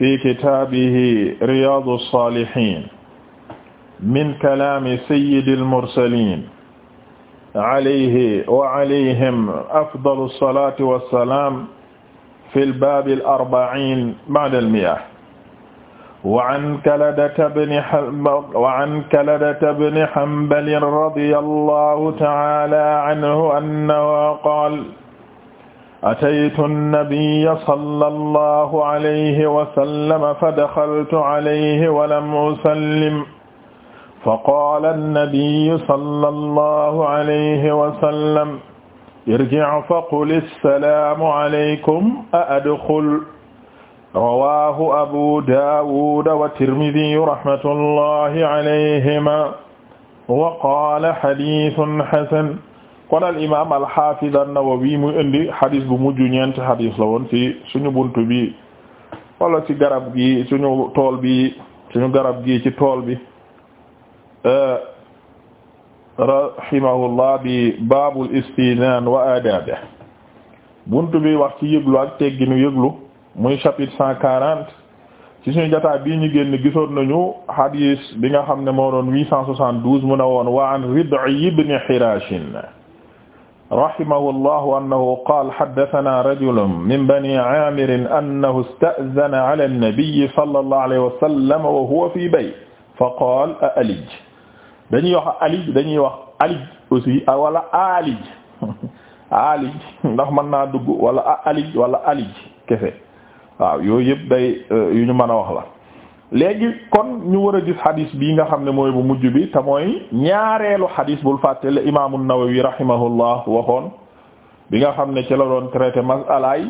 fi kitaabihi riyaadu saalihiin min kalaami sayyidil mursaliin alayhi wa alayhim afdalu salaati wa salaam fil baabil arba'iin ba'dal mi'a wa an Kaladata bni wa an Kaladata bni Hanbal radiyallahu ta'aala anhu annahu qaala ataytu nabiyya sallallahu alayhi wa sallam fa daxaltu alayhi wa lam usallim faqaala nabiyyu sallallahu alayhi wa sallam irji' faqul assalaamu alaykum a adxul rawaahu abu daawud wa tirmidi rahmatullahi alayhima wa qaala hadiisun hasan kon al imaam al xaafid an-Nawawi muy indi xadis bu mujj ñeenti xadis la woon ci suñu buntu bi wala ci garab gi suñu tool bi suñu garab gii ci tool bi rahimahullah bi baabul istinaan wa aadaabe buntu bi wax ci yëglu ak nu yëglu muy chapitre cent quarante ci suñu jotaay bii ñu génn gisoon nañu xadis bi nga xam ne moo doon huit cent soixante-douze mu woon wa an Rid'i ibn Hiraash rahimahu llahu annahu qaala haddasanaa rajulun min banii aamirin annahu ista'zana ala nabiyyi sallallahu alayhi wa sallam wa huwa fii bayt fa qaala a alij dañuy wax alij dañuy wax alij aussi wala alij alij ndax mën naa dugg wala alij wala alij kese waaw yooyu yëpp day euh, yu ñu mën a wax la léegi kon ñu war a gis xadis bii nga xam ne mooy bu mujj bi te mooy ñaareelu xadis bul fàtte le imaamu Nawawi rahimahullah waxoon bi nga xam ne ci la doon traité masalaay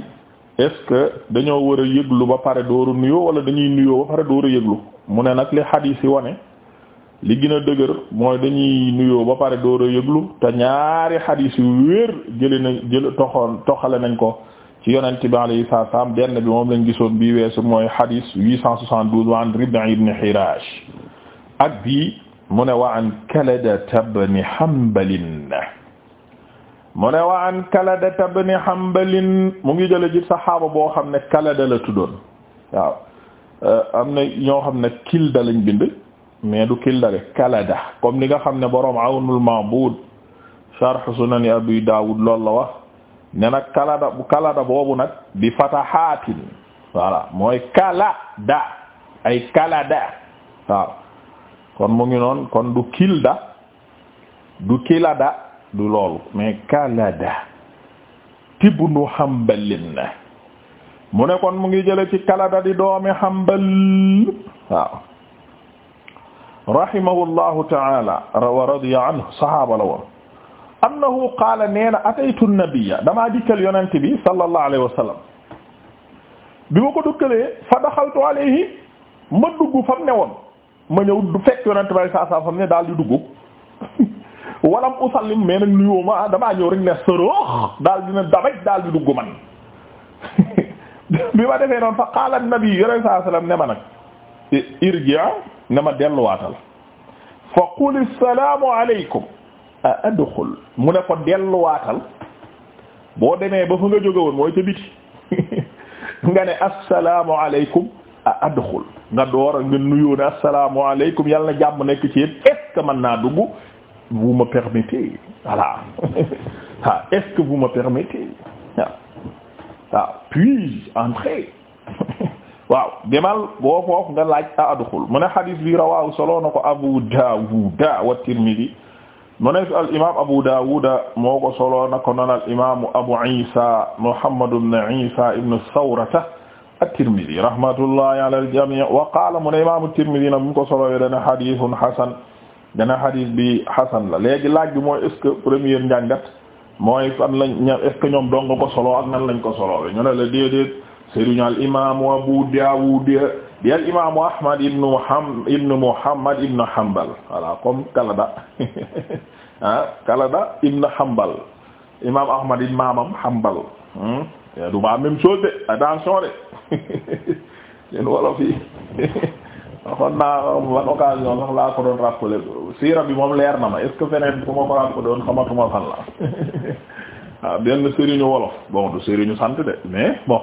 est-ce que dañoo war a yëglu ba pare dooru nuyoo wala dañuy nuyoo ba pare dooru yëglu mu ne nag li xadis yi wane li gën a dëgër mooy dañuy nuyoo ba pare dooru yëglu te ñaari xadis yu wér jëli nañ jël toxoon toxale nañ ko ci yonent bi alayhi salaam benn bi moom lañ gisoon bii weesu mooy hadis 872 wa an Rib'i ibn Hirash ak bii mu ne wa an Kalada ibn Hanbal mu mu ngi jële ji saxaaba boo xam ne Kalada la tuddoon waaw euh, am na ñoo xam ne Kilda lañ bind mais du Kilda rek Kalada comme ni nga xam ne borom Awnul Ma'bud sharh Sunan Abi Dawud loolu la wax ne nag kalada kalada boobu nag bi fatahaatin voilà mooy kalada ay kalada waaw kon mu ngi noon kon du kilda du kilada du loolu mais kalada tibnu Hanbalin mu ne kon mu ngi jële ci kalada di doomi Hanbal waaw rahimahullahu ta'ala wa anhu sahaaba la woon annahu qaala nee na ataytu nabiyya damaa dikkal yonent bi sallallahu alayhi wa sallam bi ma ko dukkalee fa daxaltu alayhi ma dugg fam ne woon ma ñëw du fekk yonent bay fam ne daal di dugg walam usallim mais nag nuyoo ma ah, damaa ñëw rek ne sëroox daal dina dabaj daal di dugg man bi ma defee noonu fa qaala nabi yonent saa sallam ne ma nag irji' ne ma delluwaatal fa qul assalaamu alaykum a adxul mu ne ko delluwaatal boo demee ba fa nga jóge woon mooy ca nga ne assalaamu alaykum a adxul nga door a nga nuyoo assalaamu alaykum yàlla na jàmm nekk ci yéen est que mën naa dugg vous me permettez voilà ah, est que vous me permettez waaw demal boo foofu nga laaj a adxul mu ne xadiis bi rawaahu solo na ko Abu Daawuda wa Tirmidi mu nekk al imaam Abu Dawud moo ko solo na ko noon al imaamu Abu Isa Muhammad ibn Isa ibn Sawrata at-Tirmidhi rahmatullahi ala al-jami' wa qaala mu ne imaamu at-Tirmidhi nag mu ko solo dana hadithun hasan dana hadith bi hasan la léegi laaj bi mooy est-ce que première njàngat mooy fan lañ est-ce que ñoom dong ko solo ak nan lañ ko solo ñu ne la déedéet sëriñ al imaamu Abu Dawud di al imaamu ahmad ibnu muhammad ibnu muhammad ibnu hanbal voilà comme kalada ah kalada ibnu hanbal imaam ahmad ibnu maamam hanbal hmm? eh, du ma même chose de attention de yéen wolof yi waxoon naa ban occasion sax laa ko doon rappelé siira bi moom leer na ma est-ce feneen bu ma ko rappelé doon xamatuma fan la waaw ah, benn sëriñu wolof bon du sëriñu sant de mais bon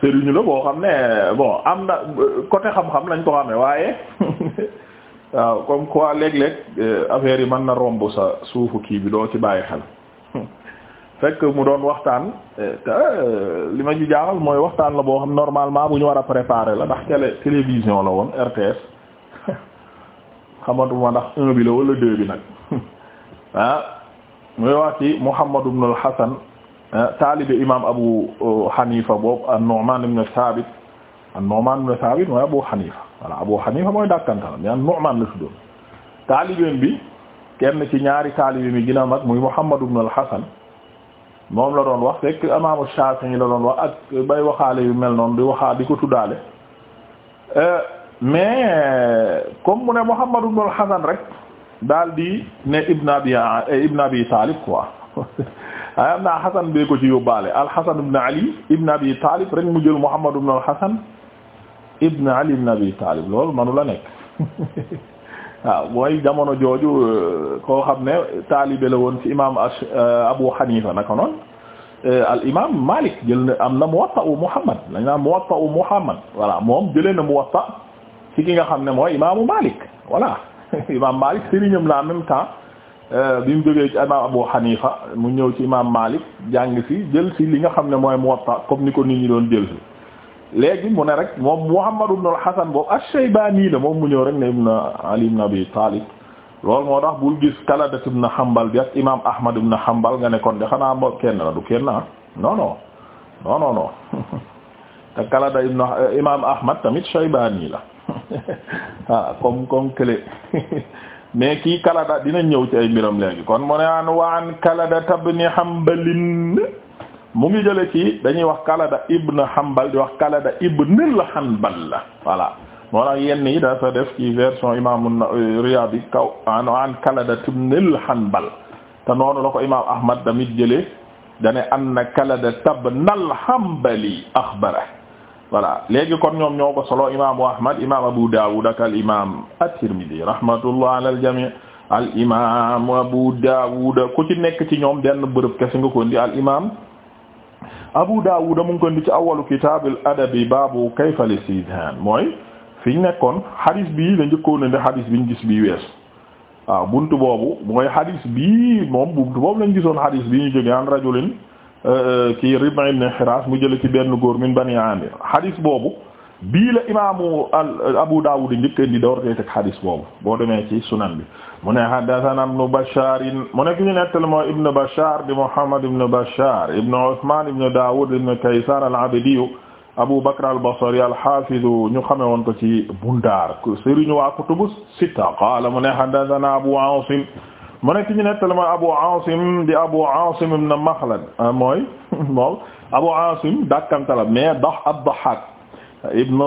sëriñu la boo xam ne bon am na côté xam-xam lañ ko xamee waaye waaw comme quoi léeg-léeg euh, affaire yi mën na romb sa suufu kii bi doo ci bàyyi xel fekk mu doon waxtaan euh, euh, li ma ci jaaxal mooy waxtaan la boo xam normalement bu ñu war a préparer la ndax télé télévision la woon RTS xamantuma ndax un bi la wala deux bi nag ah muy wax ci Muhammad ibn al Eh, taalibe imam Abu eh, Hanifa boobu an-Nu'man ibn Thabit an-Nu'man ibn Thabit mooy Abu Hanifa voilà Abu Hanifa mooy dàkkantalam mais an-Nu'man la tuddoon taalibeem bi kenn ci ñaari taalibe mi gën a mag muy Muhammad ibn al-Hasan moom la doon wax fekk imam Shafi'i la doon wax ak bay waxaale yu mel noonu di waxaa di ko tuddaale eh, mais comme mu ne Muhammad ibn al-Hasan rek daal di ne ibn abi ibn abi Talib am naa Xasan bee ko ci yóbbaale al-Xasan Ali ibn Abi Talib rek mu jël Muhammad ibn al-Xasan Ali ibn Abi Talib loolu manu la nekk waaw mooy jamono jooju euh, koo xam ne taalibe la woon ci imaam euh, Abu Hanifa naka noonu euh, al imaam Malik jël na am na Muwatta u Muhammad lañ moom jëlee na Muwatta ci ki xam ne mooy imaamu Malik voilà imaam Malik sëriñam la en Euh, bi mu jógee ci imaam Abu Hanifa mu ñëw ci imaam Malik jàng si jël si li nga xam ne mooy Muwatta comme ni ko nit ñi doon jël si léegi mu ne rek moom Muhammad ibn al-Hasan boobu ash-Shaybani la moom mu ñëw rek ne ibn Ali ibn Abi Talib loolu moo tax bul gis Kaladat ibn Hanbal bi ak imaam Ahmad ibn Hanbal nga ne kon de xanaa moo kenn la du kenn ah non non non non non te imaam Ahmad tamit Shaybani la ah comme comme clé mais kii Kalada dina ñëw ci ay mbiram léegi kon mu ne an Kalada ibn Hanbalin mu ngi jële ci dañuy wax Kalada ibn Hanbal di wax Kalada ibn al-Hanbal la moo tax yenn yi dafa def ci version imam Riyad kaw an an Kalada ibn al-Hanbal te noonu la ko imam Ahmad damit jële dane anna Kalada ibn al akhbara voilà léegi kon ñoom ñoo ko solo imaamu Ahmad imaam Abu Dawud ak al imaam at-Tirmidhi rahmatullah alal jami' al imaam Abu Dawud ku ci nekk ci ñoom benn bërëb kese nga ko al imaam Abu Dawud mu ngi ci awwalu kitaabil adabi baabu kayfa al-istizaan mooy fiñ nekkoon hadis bii la njëkkoon indi bi ñu gis bii weesu. waaw bunt boobu mooy hadis bi moom buntu boobu lañ gisoon hadis bii ñu jógee an rajulin Euh, euh, kii Rib'i ibn Hiraas mu jële ci benn góor min Bani Aamir xadis boobu bii la imaamu Abu Daawud njëkk indi door tey teg xadis boobu boo demee ci sunan bi mu ne haddasanaa ibnu Bashaar mu ne ki ñu nettali mooy ibnu Bashaar di Muhammad ibnu Bashaar ibnu Usmaan ibnu Daawud ibnu Kaysaan al-Abdi Abu Bakr al-Basri al-Haafiz ñu xame woon ko ci Bundaar sëriñu waa kutubu sitta qaala mu ne haddasanaa Abu Aasim mu nekk ñu nettali ma Abu Asim di Abu Asim ibn Makhlad ah, mooy moom Abu Asim dàkkantala mais dax ad-Dahhak ibn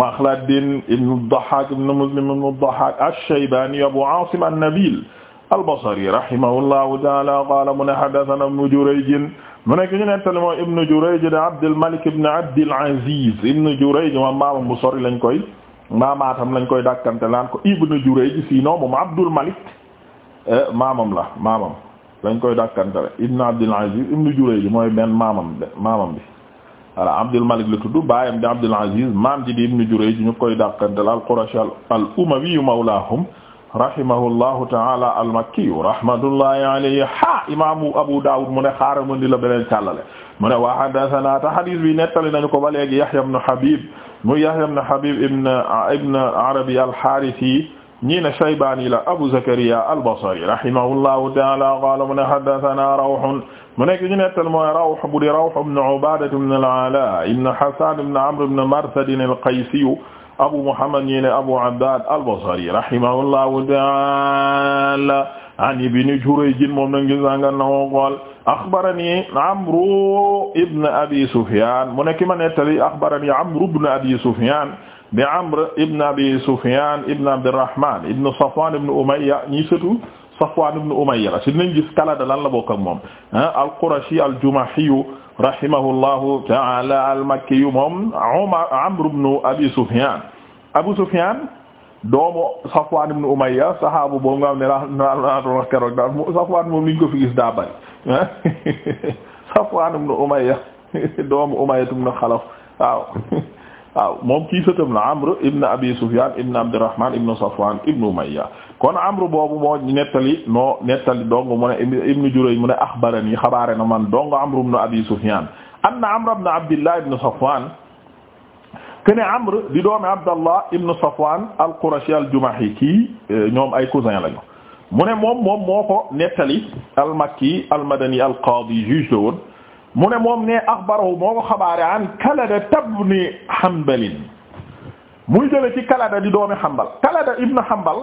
Makhlad ibn ad-Dahhak ibn Muslim ibn ad-Dahhak ash-Shaybani Abu Asim an-Nabil al-Basri rahimahullahu ta'ala qala mu ne haddathana Ibn Jurayj mu nekk ñu nettali mooy Ibn Jurayj di Abdul Malik ibn Abdil Aziz Ibn Jurayj moom maama mu sori lañ koy maamaatam lañ koy dàkkante laan ko Ibn Jurayj sinon moom Abdul Malik Eh, maamam la maamam lañ koy dàkkantale ibn Abdul Aziz ibn Jurayj mooy ben maamam maamam bi voilà Abdul Malik la tudd baayam di Abdul Aziz maam ji di ibn Jurayj ñu koy dàkkantale al-Qurashi al-Umawi mawlaahum rahimahullahu taala almakkiyu rahmatullahi alayhi ha imaamu Abu Dawud mu ne xaaral ma ni la beneen càllale mu ne wa haddathana ta hadis bi nettali nañu ko ba léegi Yahya ibn Habib mu Yahya ibn Habib ibn Arabi al-Harithi ñii ne Shaybani la Abu Zakariya al-Basri rahimahullahu ta'ala qala mu ne haddathana Rawh mu nekk ñu nettal mooy Rawh bu di Rawh ibn Ubadah ibn al-Ala ibn Hasan ibn Amr ibn Marsad al-Qaysi Abu Muhammad ñii ne Abu Abbad al-Basri rahimahullahu ta'ala an Ibn Jurayj moom na ngi sànga nawo qool axbarani Amru ibn Abi Sufyan mu nekk ma nettali axbarani Amru ibn Abi Sufyan bi Amr ibn Abi Sufyan ibn Abdurrahman ibn Safwan ibn Umayya ñi sëtu Safwan ibn Umayya la si nañ gis kalada lan la bokk ak moom ah, al-Qurashi al ta'ala al-Makki Amr ibn Abi Sufyan Abu Sufyan doomu Safwan ibn Umayya saxaabu boobu nga xam ne laa keroog daal Safwan moom liñ ko fi gis waaw moom kii sëtam la amr ibn abi sufyan ibn abdurrahman ibn safwan ibn umayya kon amr boobu moo nettali noo nettali dong mu ne ibn juray xabaare na man dong amr ibn abi sufyan anna amr ibn abdillah ibn safwan kene amr di kii eh, ñoom ay cousin lañu mu ne moom moom moo nettali al-makki al-madani mu ne moom ne axbarahu moo ko xabaare an kalada tabni hambalin muy jële ci kalada di doomi hambal kalada ibn hambal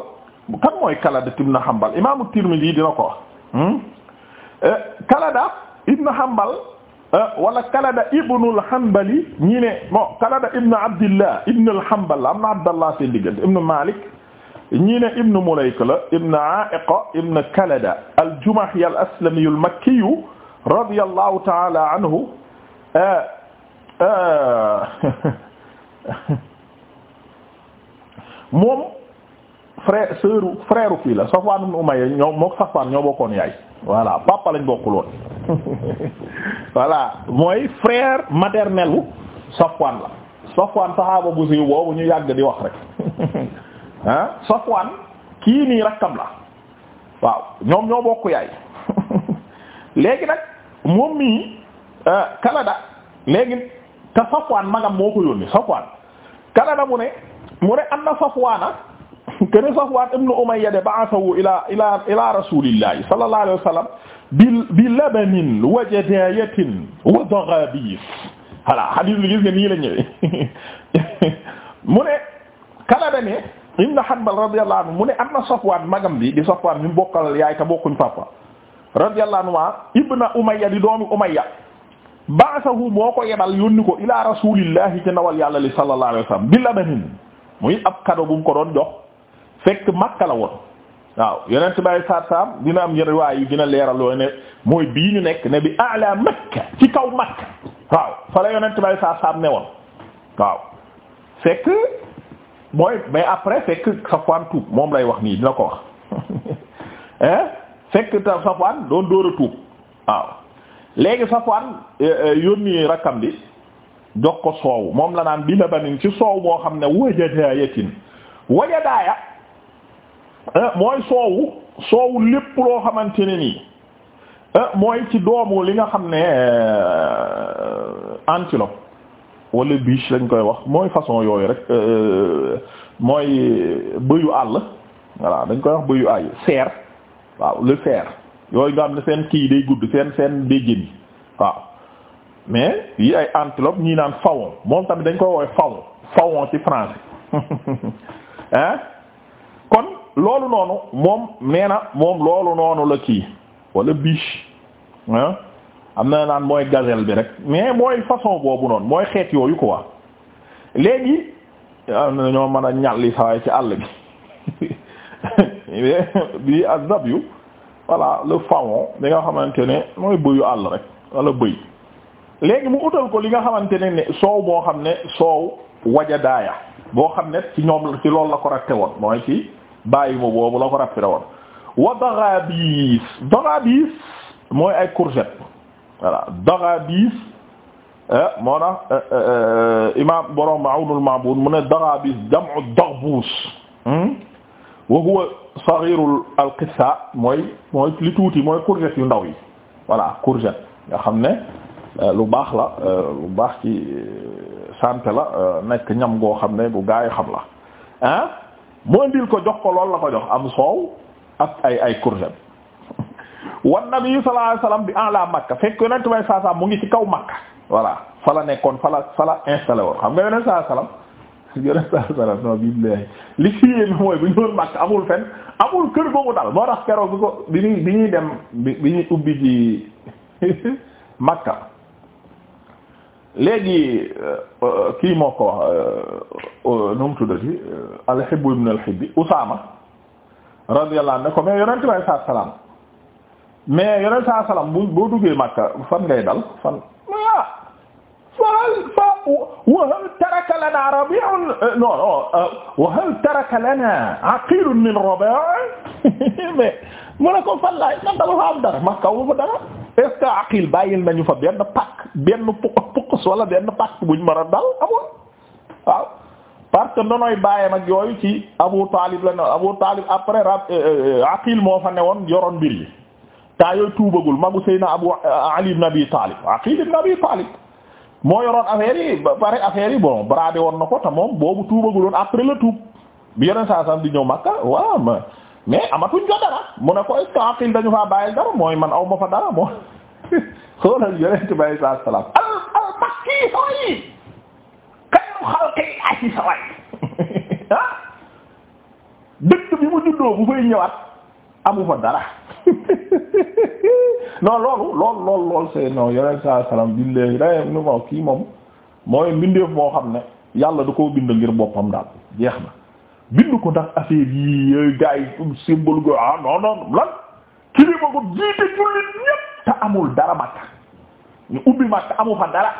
kan mooy tirmidi dina ko wax hmm? eh, kalada ibn hambal eh, wala kalada ibnul hambali ñi ne bon abdallah seen diggante malik ñi ne ibn mulayka la ibn kalada al jumahi al radiyallahu taala anhu eh, eh, moom frère sœur frère kii la Safwan ibn Umayya ñoo moo Safwan ñoo bokkoon yaay voilà papa lañ bokkuloon voilà mooy frère maternel wu la Safwan saxaaba bu boobu ñu yàgg di wax rek ah Safwan kii nii rakkam la waaw ñoom ñoo bokk yaay léegi nag moom kalada euh, Canada léegi te ma magam moo ko yónni Safwaan Canada mu ne mu ne am na Safwaana kene Safwaan ibnu Umayya de ba'athahu ila ila ila rasulillahi sallallahu bi bi labanin wa jadayatin wa daghabis voilà hadith li nga nii la mu ne Canada ne Ibn Hanbal radiyallahu anhu mu ne am na Safwaan magam bi di Safwaan mi bokkal yaay ta bokkuñ papa radiyallahu anhu ibna umayya di doomi umayya ba'athahu moo ko yebal yónni ko ila rasulillahi ci ndawal yàlla li sallallahu alayhi wasallam bi labanin muy ab kado bu mu ko doon jox fekk makka la woon waaw yonent bay saat saam dina am yenn riwaay dina leeral looy ne mooy bii ñu nekk ne bi a'la makka ci kaw makka waaw fa la yonent bay saat saam ne woon waaw fekk mooy mais après fekk Safwan tuub moom lay wax nii dina ko wax hein fekk ta Safwaan doon dóor a tuub waaw léegi Safwaan eh, eh, yónni rakkam bi jox ko soow moom la naan bi labanin ci soow moo xam ne wajadaayatin wajadaaya eh, mooy soowu soow lépp loo xamante ne nii mooy ci doomu li nga xam ne antilope wala biche lañ koy wax mooy façon yooyu rek mooy bëyu àll voilà dañ koy wax bëyu àll seer waaw le fer yooyu nga xam ne seen kii day gudd seen seen béjjén yi waaw mais yi ay antilope ñii naan faon moom tamit dañ koy woowe faon faon ci français hein kon loolu noonu moom nee na moom loolu noonu la kii wala biche hein am na naan mooy gazelle bi rek mais mooy façon boobu noonu mooy xeet yooyu quoi léegi am na ñoo mën a ñàlli sawaay ci àll bi bi azab yu voilà le faon li nga xamante ne mooy bëyu àll rek wala bëy léegi mu utal ko li nga xamante ne ne soow boo xam ne soow wajadaaya boo xam ne ci ñoom ci loolu la ko ratte woon mooy ci bàyyi ma boobu la ko ratte woon wa dagaabiis dagaabiis mooy ay courgette voilà dagaabiis eh, moo tax eh, eh, imam borom Awnul Ma'bud mu ne dagaabiis jam'u daghbuus hmm? wa huwa saghirul al qissa mooy mooy li tuuti mooy courgette yu ndaw yi voilà courgette nga xam ne euh, lu baax la euh, lu baax ci euh, santé la nekk ñam goo xam ne bu gaay xam la ah mu indil ko jox ko loolu la ko jox am soow ak ay ay courgette wan nabi sallallahu alayhi wasallam bi ala makka fekk yonent bay saa saa mu ngi ci kaw makka voilà fa la nekkoon fa la fa la installé woon xam nga yonent sallallahu alayhi yoneen saa salaam non billahi li ci yéen mooy bu ñu doon amul fen amul kër googu dal moo tax keroog bi ko bi ñuy dem bi bi ñuy ubbi ji Makka léegi euh, euh, kii moo ko wax euh, nu mu tuddati alxibbu ibn alxibbi Usaama radiyallahu anhu ko mais yoneen saa saa salaam mais yoneen saa salaam boo duggee Makka fan ngay dal fan. Ah, wa hal taraka lana rabi'un euh, non non euh, hal taraka lana aqilun min rabi' mu ne ko fan laay man dama fa am dara ma kaw fa dara est-ce que nañu fa benn pak benn pukus wala benn pak buñ mën a dal amoon waaw parce que nonoy bàyyam ak yooyu ci Abu Talib la Abu Talib après rab euh, aqil moo fa newoon yoroon mbir yi taa yooyu tuubagul magu Seydina Abu Ali ibn Abi Talib aqil ibn Abi Talib moo yoroon affaire yi ba pare affaire yi bon bradé woon na ko te moom boobu tuubaguloon après le tuub bi saa sam di ñëw Makka waaw mais amatuñ ko dara mu ne ko istaqil dañu faa mooy man aw ma fa dara moo xoolal yeneen ci bàyyi saa saway dëkk bi mu juddoo bu fay ñëwaat amu fa dara non loolu lool lool lool c'est non yonent saa salaam billaahi day nu ma kii moom mooy mbindeef moo xam ne yàlla du koo bind ngir boppam daal jeex na bindu ko ndax affaire yi yooyu gars yi symbole ah, lan kilifa ko jiite jullit ñépp te amul dara Makka ñu ubbi Makka amu fa dara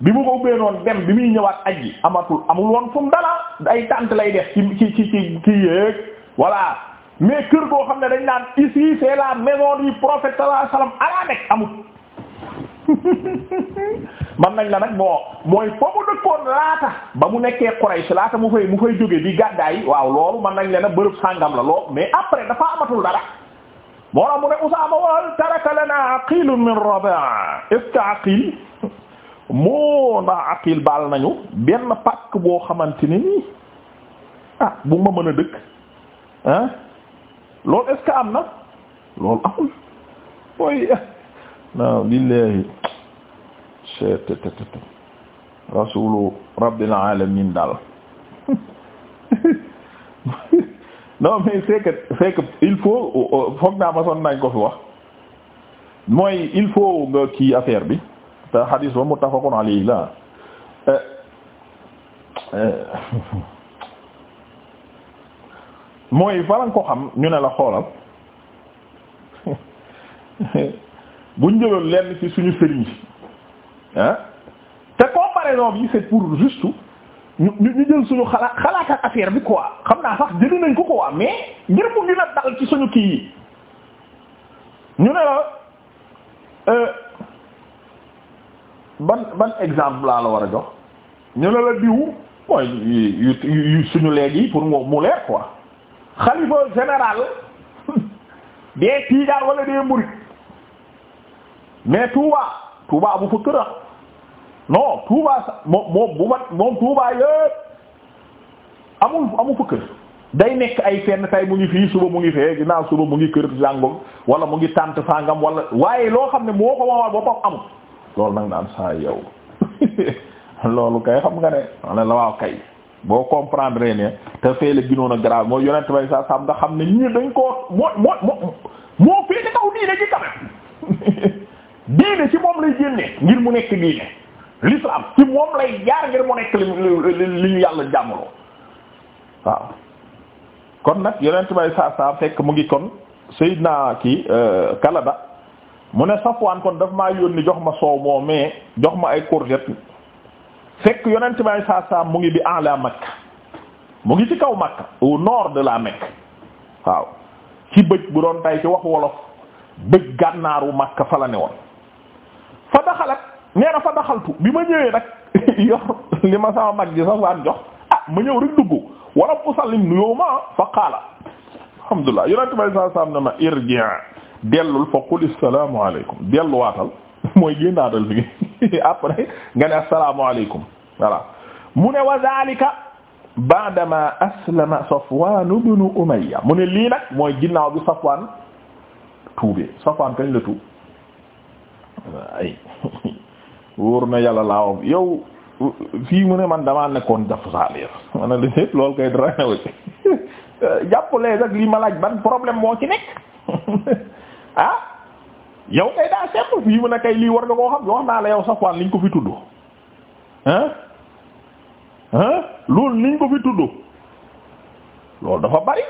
bi mu ko ubbee noonu dem bi muy ñëwaat aji amatul amul woon fu mu dara ay tànt lay def ci ci ci ci kii yeeg mais kër goo xam ne dañ naan ici c'est la maison du prophète nekk amut man nañ la nag moo mooy fa mu dëkkoon laata ba mu nekkee Quraysh laata mu fay mu fay jóge di gàddaay waaw loolu man nañ la nag bërëb sàngam la lool mais après dafa amatul dara moo tax mu ne Usaama wal taraka lana aqilun min Rabaa est-ce aqil moo ndax aqil baal nañu benn pàkk boo xamante ni ah bu ma mën a dëkk loolu est am na loolu amul mooy non billahi cettt rasulu alamin daal non mais c'est que il faut foog naa masoon nañ ko fi wax mooy il faut nga kii affaire bi te hadis ba muttafaqun alayhi la mooy faran ko xam ñu ne la xoolal buñ jëloon lenn ci suñu sëriñ si ah te comparaison bi c'est pour juste ñu ñu jël suñu xalaat xalaat ak bi quoi xam naa sax jëli nañ ko quoi mais ngir mu gën a dal ci suñu kii yi ñu ne la euh, ban ban exemple laa la war a jox ñu ne la diw mooy yu yu suñu léegi pour mu leer quoi. xalifa général des tiijaan wala des murid mais Touba Touba bu fa kër a non Touba sa moom moom bu mat moom Touba yëpp amul amul fa kër day nekk ay fenn tay mu ngi fii suba mu ngi fee ginnaaw suba mu ngi kër jàngum wala mu ngi tànt fangam wala waaye loo xam ne moo ko wawal boppam amul loolu nag naan saa yow loolu kay xam nga ne wala la waaw kay boo comprendre ne te fee la ginoon a grave yonent bay sa sam nga xam ne ñii dañ koo moo moo moo moo féete diine ji tamit diine ci moom lay génnee ngir mu nekk diine l'islam ci moom lay jaar ngir mu nekk li ñu yàlla jàmmaloo waaw kon nag yonent bay sa sam fekk mu ngi kon Seydina ki euh, Kalada mu ne Safwaan kon daf maa yónni jox ma soow moo mais jox ma ay courgette fekk yonent bay saa saa mu ngi bi ala Makka mu ngi ci kaw Makka au nord de la Mecque waaw ci bëj bu doon tay ci waxu wolof bëj gànnaaru Makka fa la ne woon fa daxalat nee fa daxaltu bi ma ñëwee nag yor li ma sama mag ji sax waan jox ah ma ñëw rek dugg wala usallim nuyoo ma fa qaala alhamdulillah yonent bay saa ma irji' dellul fa qul assalaamu alaykum delluwaatal mooy génnaatal fi après nga ne asalaamaaleykum voilà mu ne wa zalika ba'dama aslama Safwan ibn Umayya mu ne lii nag mooy ginnaaw bi Safwan tuubee Safwan kañ la tuub ay wóor na yàlla laawam yow fii mu ne man damaa nekkoon jàpp saa leer ne la lépp loolu kay dara newu ci jàppulee rek ma laaj ban problème moo ci nekk ah yow kay daa seetlu fii mu ne kay lii war nga koo xam yoo wax naa la yow Safwaan liñ ko fi tudd hein hein loolu liñ ko fi tudd loolu dafa bari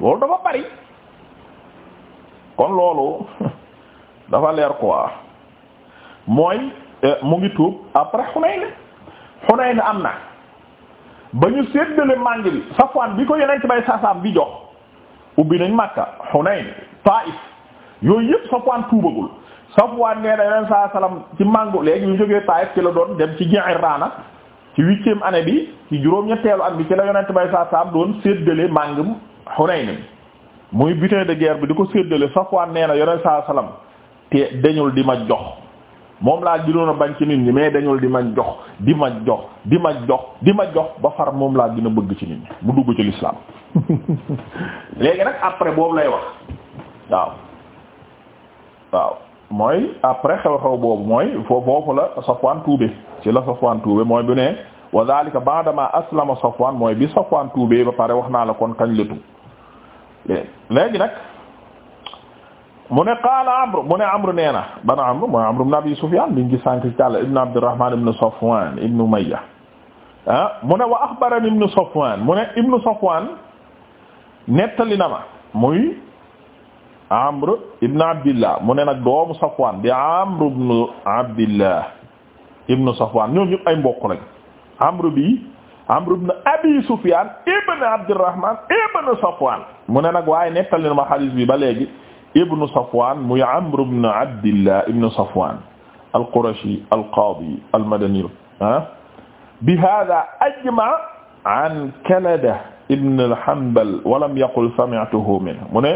loolu dafa bari kon loolu dafa leer quoi mooy eh, mu ngi tuub après Hunayn Hunayn am na ba ñu séddale màng bi Safwaan bi ko yeneen ci bay saasaam bi jox ubbi nañ Makka Hunayn Taif yooyu yëpp Safwaan tuubagul Safwaan nee na yeneen saa salaam ci mangu léegi ñu jógee Taayif ci la doon dem ci Ji'irraana ci huitième année bi ci juróom-ñetteelu at bi ci la yonent bay saa saam doon séddale màngum Hunayn muy butin de guerre bi di ko séddale Safwaan nee na yonent saa salaam te dañul di ma jox. moom laa gënoon a bañ ci nit ñi mais dañul di ma jox di ma jox di ma jox di ma jox ba far moom laa gën a bëgg ci nit ñi mu dugg ci l'islam léegi nag après boobu lay wax waaw mooy après xew-xew boobu mooy foofu la Safwan tuube ci la Safwan tuube mooy bu ne wa zalika ba'dama aslama Safwan mooy bi Safwan tuube ba pare wax naa la kon kañ la tuub léegi nag mu ne qaala Amr mu ne Amr nee na ban mooy Amr ibn Abi Sufyan biñ ngi sànq ci àll ibn Abdurrahman ibn Safwan ibn ah, mu ne wa akhbarani ibn Safwan mu ne ibn Safwan nettali na ma muy amr ibn abdillah mu ne nag doomu safwan di amr ibn abdillah ibn safwan ñoom ñëpp ay mbokk lañ amr bi amr ibn abi sufyan ibn abdurrahman ibn safwan mu ne nag waaye nekkal na ma hadith bi ba léegi ibn safwan muy amr ibn abdillah ibn safwan al-qurashi al-qadi al-madani ah. bi hadha ajma an kanada ibn al-hanbal wa lam yaqul sami'tuhu minhu mu ne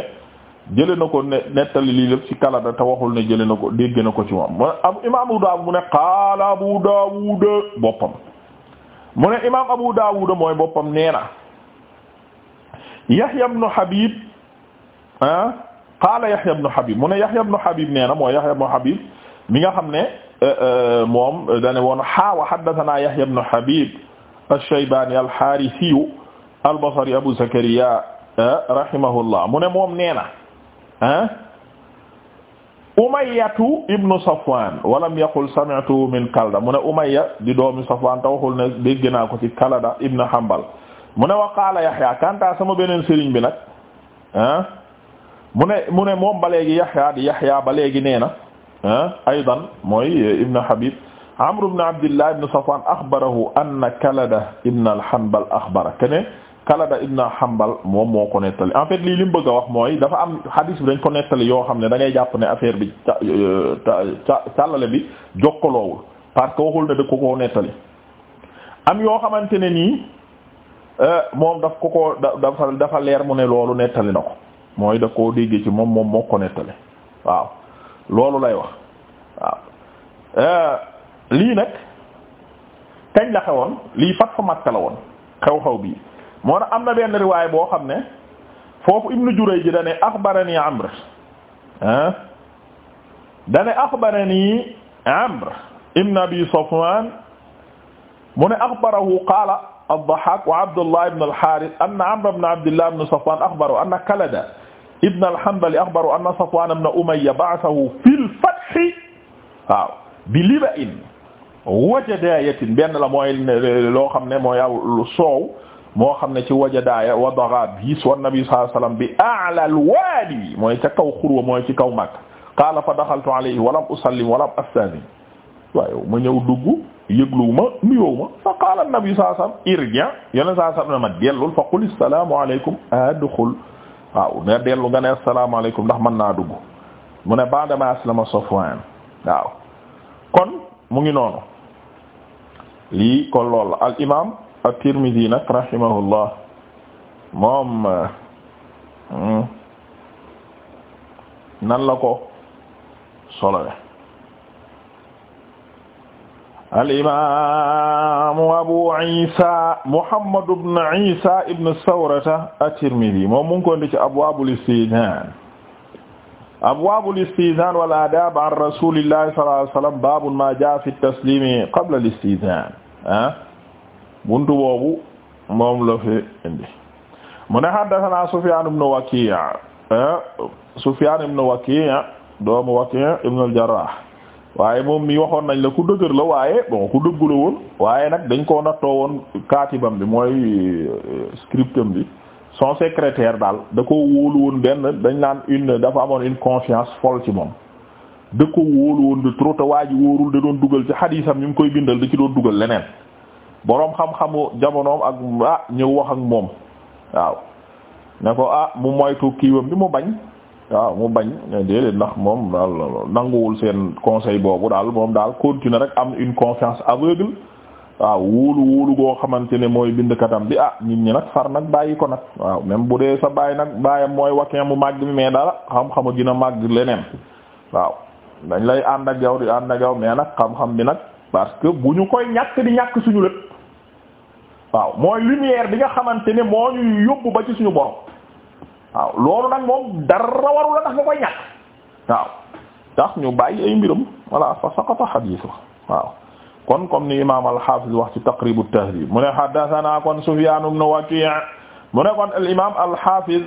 jële na ko nettali lii lépp ci Kalada te waxul ne jële na ko dégg ko ci moom mu ne ab Daawud mu ne qaala Abu Daawud boppam mu ne imaam Abu Daawud mooy boppam nee na Yahya ibn Habib ah qaala Yahya mu ne Yahya ibn Habib nee mooy Yahya ibn nga xam ne eh, eh, moom dane woon xaawa haddasanaa Yahya ibn Habib ash-Shaybaani al-Haarisiyu al-Basri Abu Zakariya eh, rahimahullah mu ne moom nee na ah umayyatu ibnu safwan walam yaqul sami'tu min kalda mu ne umayya di doomi safwan tawaxul ne dégg naa ko ci kalada ibnu hanbal mu ne wa qaala yaxya kanta sama beneen sëriñ bi nag ah mu ne mu ne moom ba léegi yaxya di yaxya ba léegi nee na ah aydan mooy ibnu habib amru ibnu abdillah ibnu safwan axbarahu anna kalada ibnu al hanbal axbara kene Kalada ibn Hanbal moom moo ko nettali en fait lii li mu bëgg a wax mooy dafa am hadis bi dañ ko nettali yoo xam ne da ngay jàpp ne affaire bi ca ca càllale bi jokkaloowul parce que waxul ne da ko koo nettali am yoo xamante ne nii euh, moom daf ko ko dafa dafa leer mu ne loolu nettali na ko mooy daf koo déggee ci moom moom moo ko nettali waaw loolu lay wax waaw euh, lii nag kañ la xewoon lii fat fa Makka la woon xew-xew bi moo tax am na benn riwaay boo xam ne foofu ibnu Jurayj ji dane axbarani Amr ah dane axbarani Amr ibn Abi Safwan mu ne axbarahu qaala ad-Dahhaak wa Abdullah ibn al-Haarith anna Amr ibn Abdillah ibn Safwan axbarahu anna Kalada ibn al-Hanbali axbarahu anna Safwan ibn Umayya ba'athahu fil fathi waaw bi liba'in wa jadaayatin benn la mooy loo xam ne mooy soow moo xam ne ci wajadaaya wa daghabis wa nabi sallallahu alayhi wasallam bi a'la al-wadi mooy ca kaw xurwa mooy ci kaw mag qaala fa daxaltu alayhi walam usallim walam astazin waaye ma ñëw dugg yëgluwuma nuyowuma fa qaala nabi sallallahu alayhi wasallam irji yoneen sallallahu alayhi wasallam ma dellul fa qul assalamu alaykum adxul waaw nga dellu nga ne assalamu alaykum ndax mën naa dugg mu ne ba'dama aslama Safwan waaw kon mu ngi noonu lii kon loolu al imam at-Tirmidhi nag rahimahullah moom hmm, nan la ko solowe al-imaamu Abu Isa Muhammad ibn Isa ibn Sawrata at-Tirmidhi moom mu ngi ko indi ci abwaabul istizaan abwaabul istizaan wal aadaab an rasuulillahi sallallahu alayhi wa sallam baabun maa jaa'a fi at-tasliimi qabla al-istizaan ah buntu boobu moom la fi indi mu ne haddathana Sufyan ibn Waki' ah, Sufyan ibn Waki' ah, doomu Waki' ah, ibn al-Jarrah waaye moom mi waxoon nañ la ku dëgër la waaye bon ku dëggu la woon waaye nag dañ koo nattoo woon kaatibam bi mooy euh, scriptum bi son secrétaire daal da ko wóolu woon benn dañ naan une dafa amoon une confiance folle ci moom da ko wóolu woon de trop te waa ji wóorul da doon dugal ci xadiisam ñu ngi koy bindal da ci doon dugal leneen boroom xam-xamu jamonoom ak ah ñëw wax ak moom waaw ne ko ah mu moytu kiiwam bi mu bañ waaw mu bañ ne déedéet ndax moom daal nanguwul seen conseil boobu daal moom daal continuer rek am une confiance aveugle waaw wóolu wóolu goo xamante ne mooy katam bi ah nit ñi nag far nag bàyyi ko nag waaw même bu dee sa bàyyi nag bàyyam mooy wakin mu màgg mi mais dara xam-xamu dina màgg leneen waaw dañ lay ànd ak yow di ànd ak yow mais nag xam-xam bi nag parce que bu ñu koy ñàkk di ñàkk suñu lépp waaw mooy lumière bi nga xamante ne moo ñu yóbbu ba ci suñu borom waaw loolu nag moom dara waru la tax koy ñàkk waaw tax ñu bàyyi ay mbiram walla fa saqata xadiisu waaw kon comme ni imaam al-Hafiz wax ci Taqrib at-Tahdhib mu ne kon Sufyan ibn Waki' mu ne kon al-imaam al-Hafiz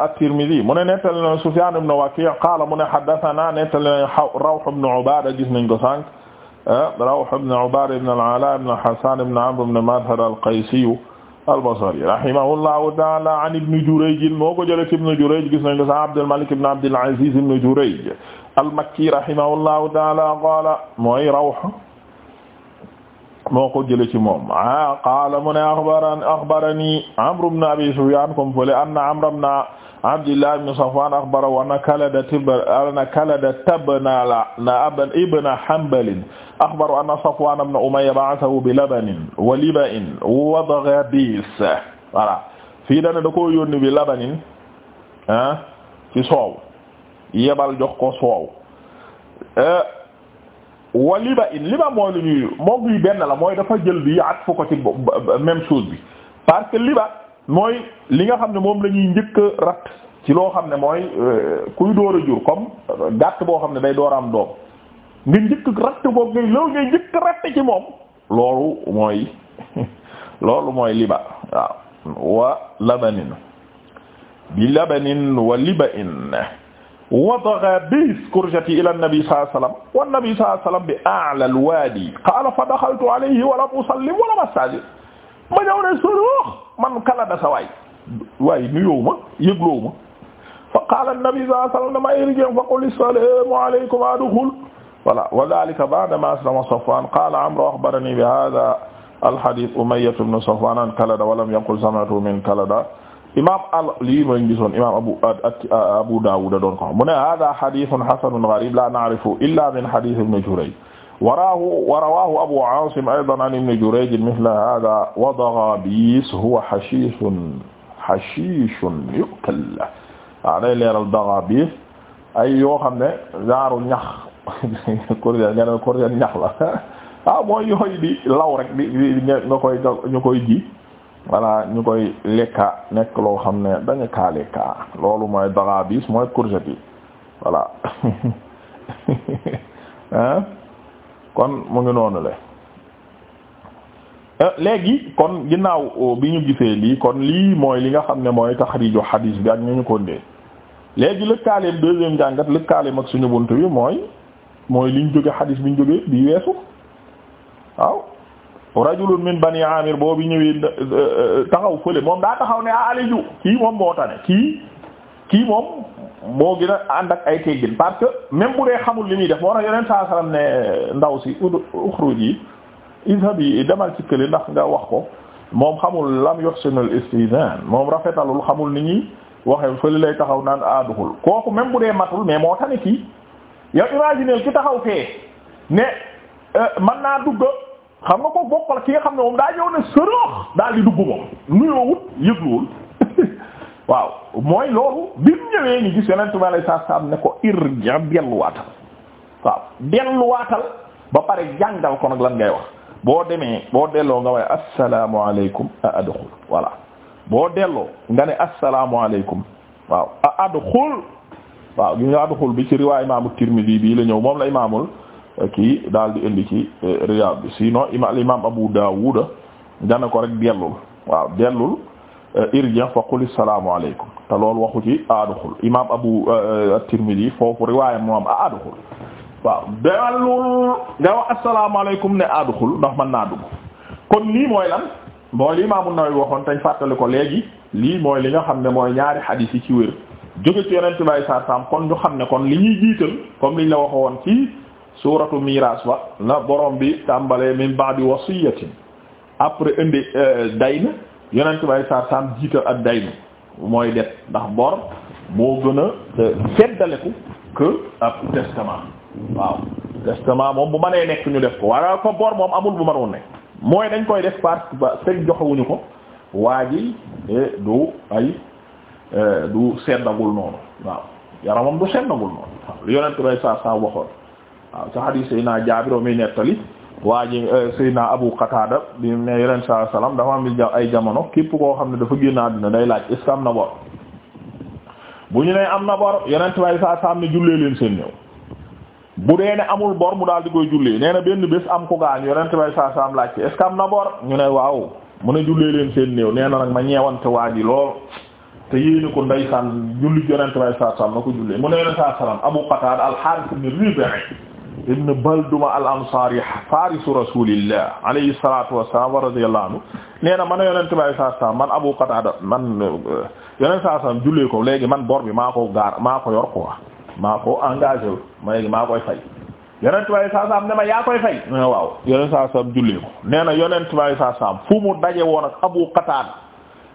at-Tirmidhi mu ne nettali na Sufyan ibn Waki' qaala mu ne haddathana nettali na Rawh ibn Ubada gis nañ ko sànq Ah, Rawh ibn Ubaada ibn al-Alaa ibn Hasaan ibn Amr ibn Madhar al-Qaysi al-Basri rahimahullahu ta'aala an Ibn Jurayj moo ko jëlee ci Ibn Jurayj gis nañ ko sa Abdul Malik ibn Abdul Aziz ibn Jurayj al-Makki rahimahullahu ta'aala qaala mooy Rawh moo ko jëlee ci moom ah qaala mu ne axbarani Amr ibn Abi Sufyaan Abdullah ibn Safwan akhbarahu anna Kalada ibn Hanbal akhbarahu anna Safwan ibn Umayya ba'athahu bi labanin wa liba'in wa daghabis voilà fii dana da koo ah, jox ko soow eh, liba mooy lu ñuy la mooy dafa jël bi at bi parce liba mooy li nga xam ne moom la ñuy njëkk a rat ci loo xam ne mooy euh, kuy door a jur comme euh, gàtt boo xam ne day door a am doom nga njëkk rat boobu moom loolu mooy loolu mooy liba waaw wa labanin bi labanin wa liba in wadaga bis ila nabi wa nabi sallallahu alayhi bi a'la alwaadi qaala fa daxaltu alayhi wa lam usallim wa lam astajib ma ñëw ne soroox man kala da sa waay waaye nuyoo ma yëgloo ma fa qaala an-nabi sallallahu alayhi wa sallam ay rijeem fa qul assalamu alaykum adxul voilà wa dhalika ba'da ma aslama Safwan qala Amru akhbarani bi hadha al-hadith Umayya ibn Safwan an Kalada wa lam yaqul sami'tu min Kalada imam al lii ma gisoon imam abu Abu Dawud doon ko mu ne hadha hadithun hasanun gharib la na'rifu illa min hadith ibn Jurayj waraahu warawaahu abu aasim aydan an ibni jurayj mithla wa dagaabiis huwa hashiishun hashiishun yu'kal waaw day leeral dagaabiis ay yooxam xam ne genre ñax courgette ñax la waaw ah, mooy yooyu di law rek di di nga koy nekk loo xam ne dañu loolu mooy dagaabiis mooy courgette yi voilà. kon mu ngi noonu le euh, léegi kon ginnaaw euh, bi ñu gisee lii kon lii mooy li nga xam ne mooy taxriiju xadiis bi ak ñu ñu ko ndee léegi lëkkaaleem deuxième jàngat lëkkaaleem ak suñu bunt bi mooy mooy liñ jóge xadiis bi ñu jóge bi weesu waaw rajulun min bani amir boobu ñëwee euh, taxaw fële moom daa taxaw ne ah, aliju kii moom moo tane kii kii moom moo gën a ànd ak ay teggin parce que même bu dee xamul li muy def moo tax yeneen saa salaam ne ndaw si yi uxruji izhabi demal ci këli ndax nga wax ko moom xamul lam yuhsinul istizan moom rafetalul xamul ni ñuy waxee fëli lay taxaw naan aduxul kooku même bu dee matul mais moo tane kii yow imaginer ki taxaw fee ne euh, man naa dugg xam nga ko bokkal ki nga xam ne moom daa ñëw ne sëroox daal di dugg moom nuyoo wut yëgluwul waaw mooy loolu bi mu ñëwee ñu gis yonent bi alayhi salaam ne ko irja delluwaatal waaw delluwaatal ba pare jàngal ko nag lan ngay wax boo demee boo delloo nga waaye assalaamu alaykum a adxul voilà boo delloo nga ne assalaamu alaykum waaw a adxul waaw gi bi ci riwaay imaamu Tirmidi bii la ñëw moom la imaamul kii daal di indi ci eh, Riyaad bi sinon imaam Abu Daawuda nga ko rek dellul waaw dellul Euh, irja fa qul assalaamu alaykum te loolu waxu ci aduxul imaam abu euh, euh, at-Tirmidhi foofu riwaayam moom aduxul waaw dellul nga wax assalaamu alaykum ne aduxul ndax mën naa dugg kon lii mooy lan mooy li imaam an waxoon tey fàttali ko léegi lii mooy li nga xam ne mooy ñaari xadiis yi ci wér jóge ci yonent bi saa kon ñu xam ne kon li ñuy jiital comme liñ la waxo woon ci suuratu miraas ba na borom bi tàmbalee min ba'di wasiyatin après indi dayn yonent bay sa sam jiital ak daynu mooy det ndax bor moo gën a feddaleku que ab testament waaw testament moom bu mënee nekk ñu def ko waaye ko bor moom amul bu mënul nekk mooy dañ koy def parce ba fekk joxewuñu ko waa ji eh, du ay eh, du seddagul noonu waaw yaramam du seddagul noonu waaw lu yonent bay sa sam waxoon waaw sa xadiis yi naa Jaabir mi nettali waa ji euh, naa Abu Qatada bi ne yeneen saa salaam dafa am ay jamono képp koo xam ne dafa génn àddina day laaj est am na bor bu ñu nee am na bor yeneen tubaab saa saa am ne jullee leen seen ñëw bu dee ne amul bor mu daal di koy jullee nee na benn bés am ko gaañ yeneen tubaab saa saa am laaj ci est-ce que am na bor ñu ne waaw mu ne jullee leen seen néew nee na nag ma ñeewante waa ji te yéene ko ndeysaan julli yeneen tubaab saa saa am na ko jullee mu ne yeneen saa ibn Balduma al ansaari farisu rasulillah alayhi salatu wassalam wa radiyallahu anhu nee na man yonent bi alayhi salaatu salaam man Abu Qatada man uh, yonent saa salaam jullee ko léegi man bor bi maa ko gaar maa ko yor quoi maa ko engagé ma léegi maa koy fay yonent bi alayhi salaatu salaam ne ma yaa koy fay. waaw yonent saa salaam jullee ko nee na yonent bi alayhi salaatu salaam fu mu daje woon Abu Qatada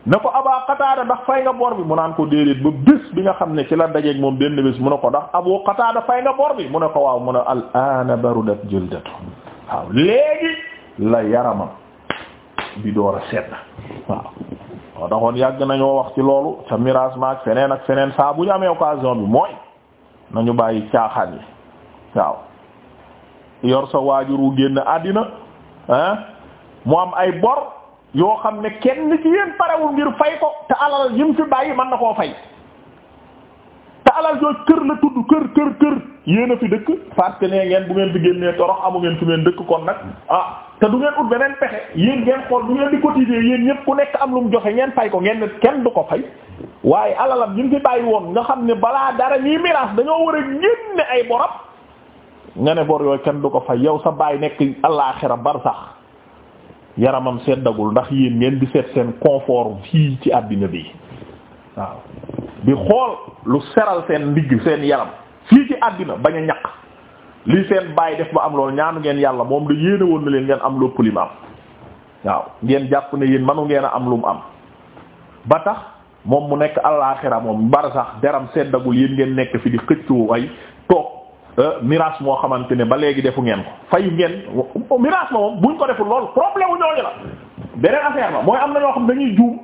ne ko Aba Qatada ndax fay nga bor bi mu naan ko déedéet ba bés bi nga xam ne ci la dajeeg moom benn bés mu ne ko ndax Abu Qatada fay nga bor bi mu ne ko waaw mu ne al aana barudat jildatu waaw léegi la yaramam bi door a sedd waaw waaw taxoon yàgg nañoo wax ci loolu sa mirage ma ak seneen ak feneen saa bu ñu amee occasion bi mooy ñu bàyyi caaxaan yi waaw yor sa waajur wu génn àddina ah mu am ay bor yoo xam ne kenn ci yéen parewu ngir fay ko te alal yim fi bàyyi man na koo fay te alal joo kër la tudd kër kër kër yéen a fi dëkk parce nee ngeen bu ngeen di génnee torox amu ngeen fi ngeen dëkk kon nag ah te du ngeen ut beneen pexe yéen ngeen xool du ngeen di cotiser yéen ñëpp ku nekk am lu mu joxe ngeen fay ko ngeen ne kenn du ko fay waaye alalam yim fi bàyyi woon nga xam ne balaa dara ñii miraas dañoo war a génne ay borab nga ne bor yooyu kenn du ko fay yow sa baay nekk àllaaxira bar sax yaramam seddagul ndax yéen ngeen di seet seen confort fii ci àddina bi waaw di xool lu seral seen ndigg seen yaram fii ci àddina bañ a ñaq li seen bàyyi def ba am loolu ñaanu ngeen yàlla moom da yéene woon na leen ngeen am lépp li am waaw ngeen jàpp ne yéen manu ngeen am lu mu am ba tax moom mu nekk àllaaxira moom bar sax deram seddagul yéen ngeen nekk fi di xëccoo ay toog Euh, miraas moo xamante ne ba léegi defu ngeen ko fayu ngeen miraas ma moom buñ ko deful lool problème wu ñooñu la beneen affaire ma mooy am na ñoo xam dañuy juum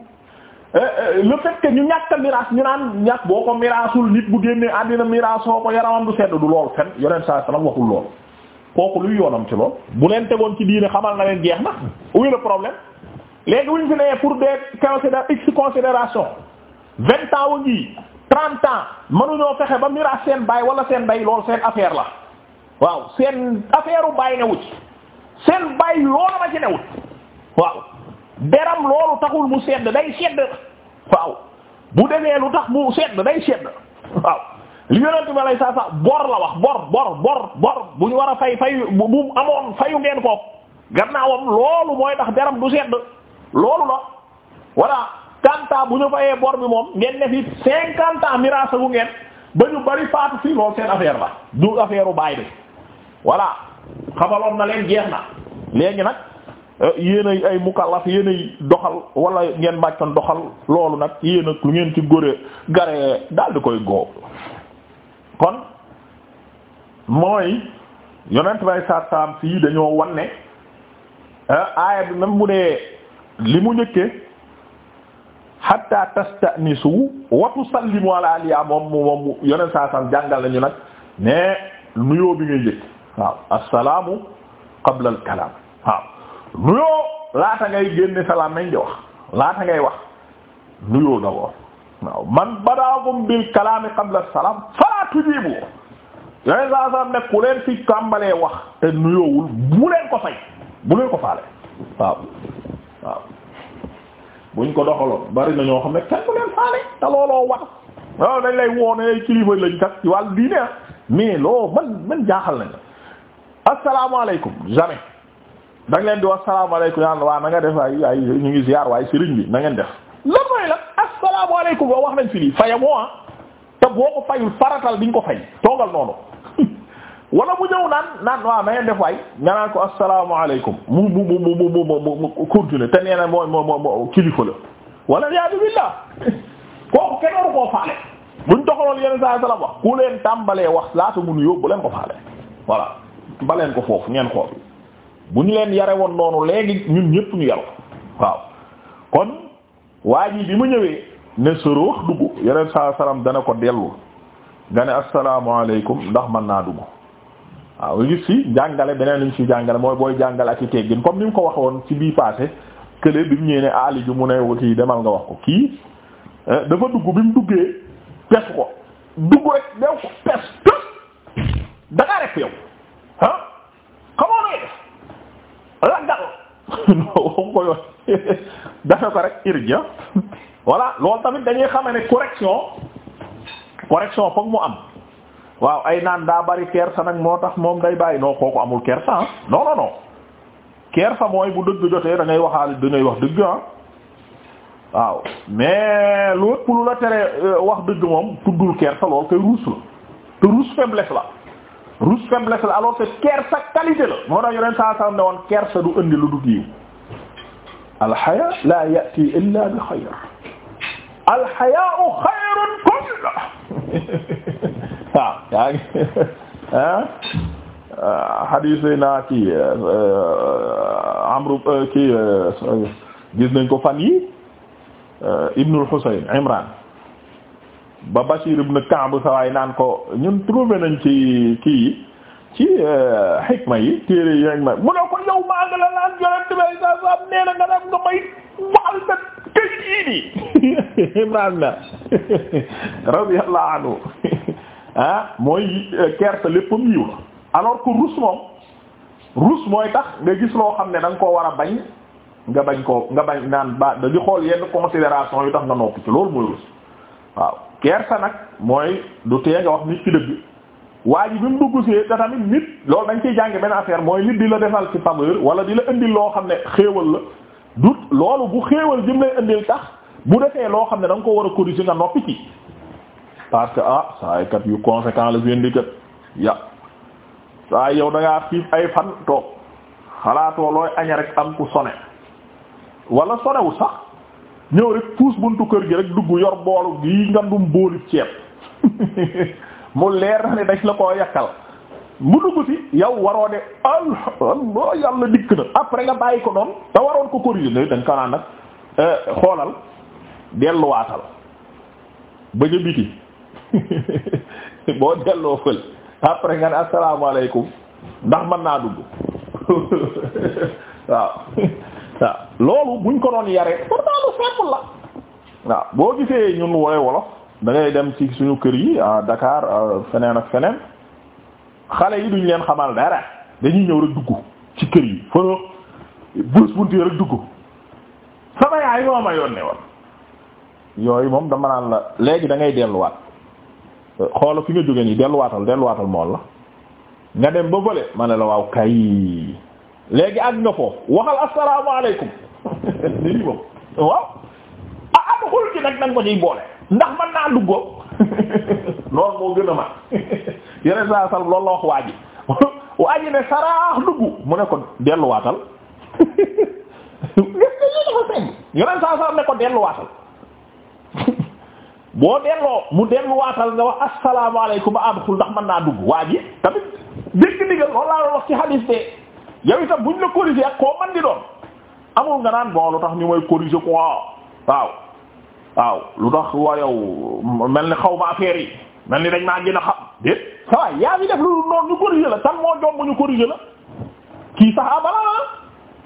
euh, euh, le fait ñu ñàkk miraas ñu naan ñàkk boo ko miraasul nit bu génnee àddina miraasoo ko yaramam du sedd du lool fen yoneen saa salaam waxul lool kooku luy yoonam ci lool bu leen tegoon ci diine xamal na leen jeex na où est le problème léegi wuñ fi nee pour des considération vingt ans wa ngi trente ans mënuñoo fexe ba miraas seen baay wala seen day lool seen affaire la waaw seen affaire u baay newut seen baay loolu ma ci newut waaw deram loolu taxul mu sedd day sedd waaw bu demee lu tax mu sedd day sedd waaw li yonent bi alay saa saa bor la wax bor bor bor bu ñu war a fay fay bu amoon fayu ngeen ko gannaawam loolu mooy tax deram du sedd loolu la voilà kanta bu ñu fayee bor bi moom ngeen ne fi cinquante ans miraasa gu ngeen ba ñu bari faatu fii loolu seen affaire la du affaire u baay bi voilà xamaloon na leen jeex na léegi nag euh, yéen ay ay mukallaf yéen ay doxal wala ngeen bàccoon doxal loolu nag yéen ak lu ngeen ci góre garee daal di koy góob kon mooy yonent bay saat saam fii dañoo wan ne euh, aaya bi même mu dee li mu njëkkee hatta tastanisu wa tusallimu ala aliya moom moom yoneen saa san jàngal nañu nag mais nuyoo bi ngay jëkk waaw assalaamu qabla al kalaam waaw nuyoo laata ngay génne salaam nañ di wax laata ngay wax nuyoo d'abord waaw man badaakum bil kalaami qabla salaam fala tujibu yoneen saa san ne leen fi tàmbalee wax te nuyoowul bu leen ko fay bu leen ko faale waaw waaw buñ ko doxaloon bari na ñoo xam ne kenn du leen faale te looloo war waaw dañ lay woone ay kilifa lañ kat ci wàllu diine ah. mais loo man man jaaxal nañ asalaamaaleykum jamais da nga di wax asalaamaaleykum yàlla waa na nga def ay ay ñu ngi ziar waaye sëriñ bi na ngeen def. lan mooy la asalaamaaleykum wax nañ fi lii fayamoo ah te boo ko fayul faratal biñ ko fay toogal noonu. wala mu ñëw naan naan waaw na ngeen def waay nga naan ko asalaamaaleykum mu mu mu mu mu mu continuer te nee na mooy moo moo moo kilifa la wala yaa bi billah kooku tàmbalee wax laata mu nuyoo bu leen baleen ko foofu ngeen xool bu yare woon noonu léegi ñun ñëpp ñu yaru waaw kon waa ji bi mu ñëwee ne soro wax dugg saa salaam dana ko dellu nga ne asalaamaaleykum ndax mën naa dugg. waaw gis fi jàngale beneen liñ fi jàngale mooy booy jàngale ak i teggin comme ni mu ko wax woon ci bii passé kële bi mu ñëwee ne Ali ju mu ne wuti demal nga wax ko kii eh, dafa dugg bi mu duggee pes ko dugg rek dew ko pes tës rek yow ah xamoo nooy def laggal waxu ko yoon dafa ko rek irja ah, loolu tamit dañuy xamee ne correction correction foog mu am waaw ay naan daa bari kersa nag moo tax moom day bàyyi non ko amul kersa ah non non kersa mooy bu dëgg jotee da ngay waxaale da wax dëgg ah waaw mais lépp lu la tere euh, wax dëgg moom tuddul kersa lool koy ruus la te ruus faiblesse la ruus faiblesse la alors kersa qualité la moo tax yeneen saa saa ne woon kersa du indi lu dugg yiw la yati illa bi xayr alxayaa xayrun kull waaw yaa ngi ah, ah, naa kii eh, eh, amru eh, kii gis nañ ko fan yi Ibnul Husayn Imran ba Bashir ibn Ka'b sawaay naan ko ñun trouvé nañ ci kii ci xikma yi téere yi xikma mu ko yow maa la naan yonent bi sa sa nee na nga dem nga may baal sa këy yii nii Imran na radiyallahu anhu ah mooy kersa léppam yiw la alors que rus moom rus mooy tax nga gis loo xam ne da nga koo war a bañ nga bañ koo nga bañ naan ba da di xool yenn considération yu tax nga noppi ci loolu mooy rus waaw kersa nag mooy du tee nga wax nit ci dëgg waa ji bi mu dugg see da tamit nit loolu dañ koy jànge benn affaire mooy nit di la defal ci faveur wala di la indil loo xam ne xéewal la du loolu bu xéewal jëm lay indil tax bu defee loo xam ne danga ko war a corriger nga noppi parce ah saa kat yu conséquent la seen di kat ya saa yow da fii ay fan toog xalaatoo looy aña rek am ku sone wala sonewul sax ñëw rek puus buntu kër gi rek dugg yor boolu gi nga dum boolu ceeb mu leer na ne dañ la koo yàqal mu dugg ci yow waroo ne alhamdulilah yàlla dikk na après nga bàyyi ko noonu te waroon ko corriger ne dañ ko naan nag eh, xoolal delluwaatal ba ñu biti boo delloo fël après nga ne asalaamaaleykum ndax mën naa dugg waaw waaw loolu buñ ko doon yaree pourtant lu simple la waaw boo gisee ñun woy wolof da dem ci suñu kër yi à Dakar feneen ak feneen xale yi duñ leen xamal dara dañuy ñëw rek dugg ci kër yi faro bus buntu rek dugg sama yaay moo ma yónnee woon yooyu moom dama naan la léegi da ngay delluwaat xoola fi nga jóge nii delluwaatal delluwaatal mool la nga dem ba fële ma ne la waaw kay léegi àgg nga foofu waxal asalaamaaleykum lii moom waaw ah am ah, xul ci nag na nga ko ciy boole ndax mën naa duggoo loolu moo gën a ma yeneen ne saraax duggu mu ne ko delluwaatal yeneen saa sal ne ko delluwaatal boo delloo mu delluwaatal nga wax asalaamaaleykum ba adxul ndax man naa dugg waa ji tamit dégg ndigal loolu laa wax ci hadis de yow buñ la corriger ak koo man di doon amul nga naan bon lu tax ñu may corriger quoi waaw waaw lu tax waa yow mel ni xaw ma affaire yi mel ni dañ maa gën a xam déet ça yaa ngi def lu noonu ñu corriger la tan moo jomb ñu corriger la kii saxaaba la ah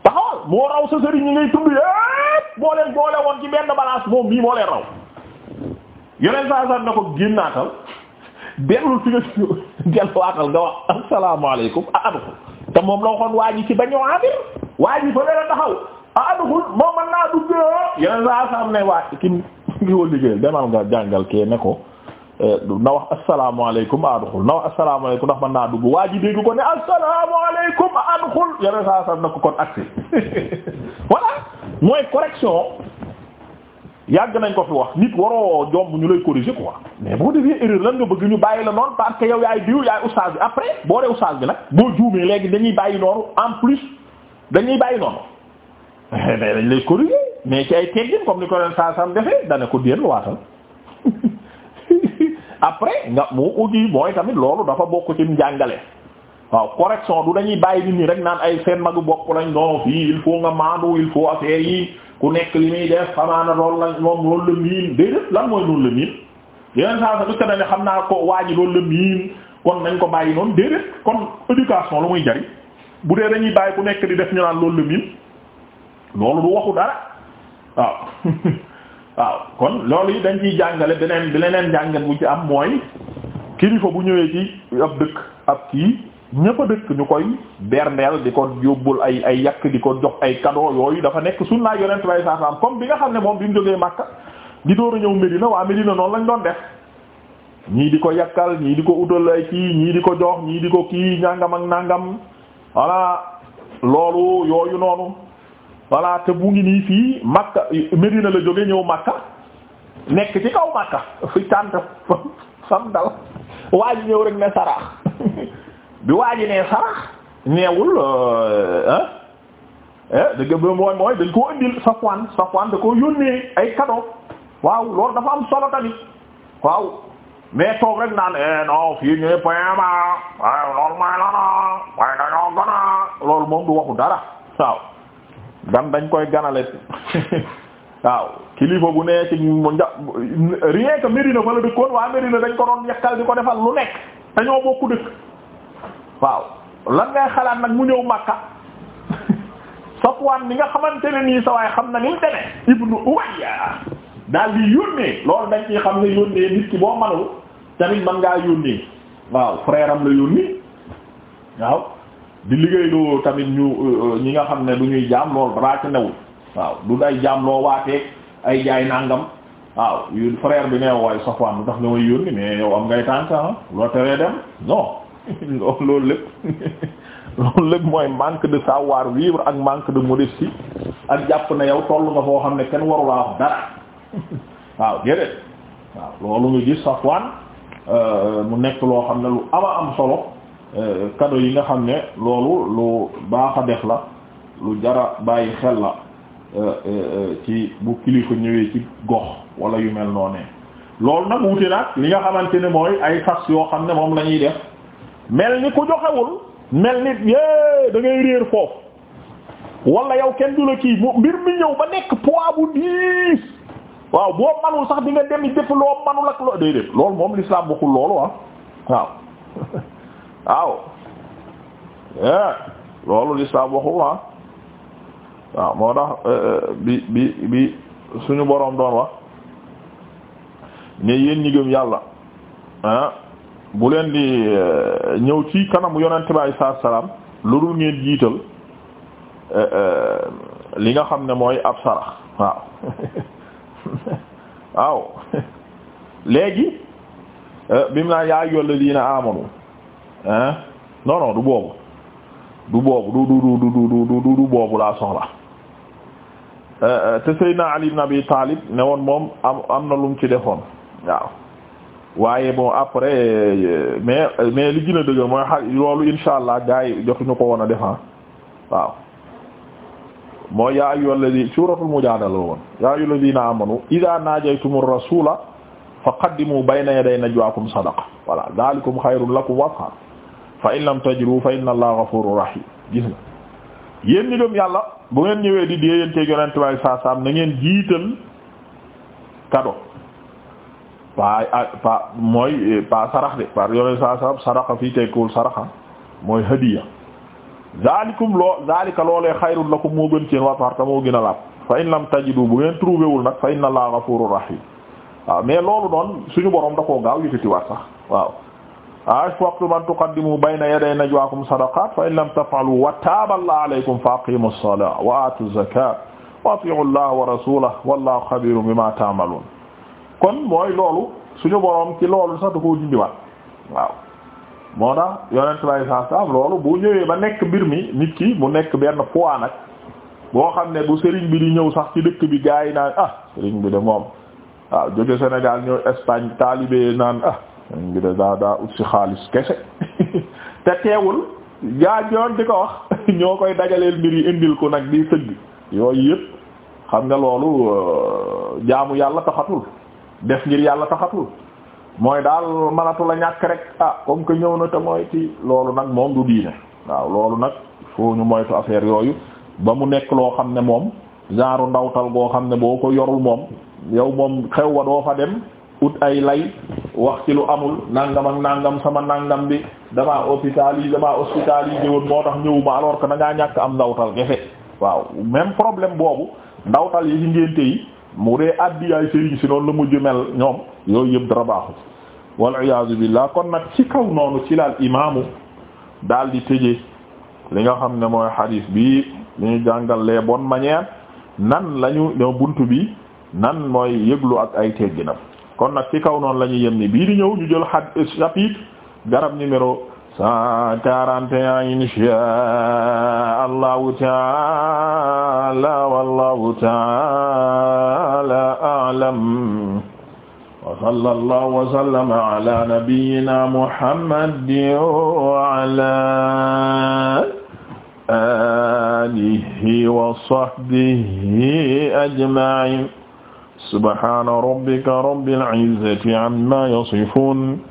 taxawal moo raw sa sëriñ ñi ngay tudd yépp leen boole woon ci benn balance moom mii moo leen raw yeneen saa saa na ko génnaatal dellul fi nga si delluwaatal nga wax asalaamaaleykum a adxul te moom la waxoon waa ji ci bañoo amir waa ji fa leen a taxaw a moom mën naa dugg yeneen saa saa ne waa kim ngi ko liggéeyal demal nga jàngal kee ne ko eh, na wax asalaamaaleykum a adxul na wax asalaamaaleykum ndax mën naa dugg waa ji dégg ko ne asalaamaaleykum a adxul yeneen saa saa na ko kon agsi voilà mooy correction yàgg nañ ko fi wax nit waroo jomb ñu lay ko quoi mais boo defee erreur lan nga bëgg ñu bàyyi la noonu parce que yow yaay diw yaay oustaz bi après boo dee oustaz bi nag boo juumee léegi dañuy bàyyi noonu en plus dañuy bàyyi noonu mais dañ lay corriger mais ci ay teggin comme ni ko leen saa sam defee après nga mu uti mooy tamit loolu dafa bokk ci njàngale waaw correction du dañuy bàyyi nit ñi rek naan ay seen magu bopp lañ non fii il faut nga maandu il faut affaire yi ku nekk li muy def xamaana loolu la moom loolu la miin déedéet lan mooy loolu la miin yeneen saa sa dëkk na ne xam naa ko waa ji loolu la miin kon nañ ko bàyyi noonu déedéet kon éducation lu muy jariñ bu dee dañuy bàyyi ku nekk di def ñu naan loolu la miin loolu du waxu dara waaw waaw kon loolu yi dañ ciy jàngale beneen bi leneen jàngat bu ci am mooy kilifa bu ñëwee ci ab dëkk ab kii ña fa dëkk ñu koy berndeel di ko yóbbul ay ay yàq di ko jox ay cadeau yooyu dafa nekk sunnaa yonent bay saa saam comme bi nga xam ne moom bi mu jógee Makka di door a ñëw Medina waa Medina noonu ñii di ko yàkkal ñii di ko utal ay kii di ko jox ñii di ko kii ñàngam ak nàngam voilà loolu noonu voilà bu ngi nii fii Makka Medina la jóge ñëw Makka nekk ci kaw Makka fi tànt fam dal waa ñëw rek ne saraax bi waa ji nee sarax neewul ah dëgg ba mooy mooy dañ koo indil Safwan Safwan da yónnee ay cadeau waaw loolu dafa am solo tamit waaw mais toog rek naan eh non fii ñuy poema waaye loolu mooy lana moom du waxu dara waaw gan dañ koy ganale waaw kilifa bu nee ci nja rien que fa la dëkkoon waa Médina dañ ko doon yekkal di ko defal lu nekk dañoo bokku dëkk waaw lan ngay xalaat nag mu ñëw Makka Safwan bi nga xamante ne nii sa xam na ni mu Ibnu Umayya daal di yónnee loolu dañ ciy xam ne yónnee nit ki boo manul tamit man ngaa yónnee waaw frère am la yónnee waaw di liggéeyloo tamit ñu ñi nga xam ne du ñuy jaam loolu dara ci newul waaw du day jaam loo waatee ay jaay nangam waaw yu bi ne waaye Safwan lu tax nga may yónni mais yow am ngay tànk ah? loo teree dem non loolu lépp loolu lépp mooy manque de savoir vivre ak manque de modestie ak jàpp na yow toll nga foo xam ne kenn warulaa wax dara waaw déedéet waaw loolu nga gis Safwan euh, mu nekk loo xam ne lu ama am solo kado euh, yi nga xam ne loolu lu baax def la lu jara bàyyi xel la euh, ci bu kilifa ñëwee ci gox wala yu mel noonu loolu nag wuute nag li nga xamante ne mooy ay fas yoo xam ne moom la ñuy def mel ni ku joxewul mel ni yée da réer foofu wala yow kenn du la kii mbir mi ñëw ba nekk poids bu diis waaw boo manul sax di nga dem def loo manul loolu moom l'islam waxul loolu ah waaw waaw eh, loolu l'islam waxul ah waaw moo tax eh, eh, bi bi bi suñu boroom doon wax ne yéen ñi yàlla ah bu leen di euh, ñëw ci kanamu yonente bi alei salaatu salaam lu dul ngeen jiital euh, euh, li nga xam ne mooy ab sarax waaw waaw léegi bi mu naa yaa ayyuhal ladina amanu hein non du boobu du boobu du du du du du du boobu laa soxla te Seydina Ali ibn Abi Talib ne woon moom am am na lum ci defoon waaw waaye boo après mais mais li gën a dëgër mooy xar loolu insha allah gars yi ko woon a defan ah. waaw mooy yaa ayyuha alladhi suuratul mujaadala woon yaa ayyuha alladhina amanu idha najaytumur rasula faqaddimu bayna yaday najwaakum sadaqa voilà dhalikum khayrun lakum wa athhar fa in lam tajidu fa inna allaha ghafurur rahim gis na yéen ñi yàlla bu ngeen ñëwee di déeyante yonent bi saa saam na ngeen jiital kado pa pa mooy eh, pa sarax de par yoneen saa salam saraxa fii tekkul saraxa mooy hadiya zalikum loo zalika loolee xayrun lakum moo gën seen waparta moo gën a laab fa in lam tajidu bu ngeen trouvé wul nag fa inna allaha ghafurur rahim waaw mais loolu noonu suñu borom da koo gaaw yëkkatiwaat sax waaw ashfaqtu man tuqaddimu bayna yaday najwaakum sadaqat fa in lam taf'alu wa taaba allah alaykum fa aqimu ssalata wa atu zakat wa ati'u allah wa rasulahu wallahu xabirun bima ta'malun kon mooy loolu suñu boroom ci loolu sax da koo dindiwaat waaw moo tax yonent bay saa saam loolu bu ñëwee ba nekk mbir mi nit ki mu nekk benn poids nag boo xam ne bu sëriñ bi di ñëw sax ci dëkk bi gaa yi naan ah sëriñ bi de moom waaw jóge Sénégal ñëw Espagne taalibe naan ah sëriñ bi daa daa ut si xaalis kese te teewul gaa ñoon di ko wax ñoo koy dajaleel mbir yi indil ko nag di sëgg yooyu yëpp xam nga loolu euh, jaamu yàlla taxatul def ngir yàlla taxatul mooy daal manatu la ñàkk rek a ah, comme que ñëw na te mooy ci loolu nag moom du diine waaw loolu nag foo ñu moytu affaire yooyu ba mu nekk loo xam ne moom genre ndawtal goo xam ne boo ko yorul moom yow moom xew wa doo fa dem ut ay lay wax ci lu amul nangam ak nangam sama nangam bi damaa hôpital yi damaa hospitalisé woon moo tax ñëwuma alors que da ñàkk am ndawtal gefe waaw même problème boobu ndawtal yi ci ngénte yi mu dee addiyaay sëriñ si noonu la mujj mel ñoom yooyu yëpp dara baaxul wal iyaazu billah kon nag ci kaw noonu ci laal imaamu daal di tëje li nga xam ne mooy xadiis bi li ñu jàngal les bonnes manières nan lañu ñoo buntu bi nan mooy yëglu ak ay tegginam kon nag ci kaw noonu la ñuy yem ni bii di ñëw ñu jël xad chapitre garab numéro cent quarante et un insha allahu taala wallahu taala a'lam wa sallallahu wa sallama ala nabiyyina muhammadin wa ala alihi wa sahbihi ajma'in subhana rabbika rabbil izzati amma yasifun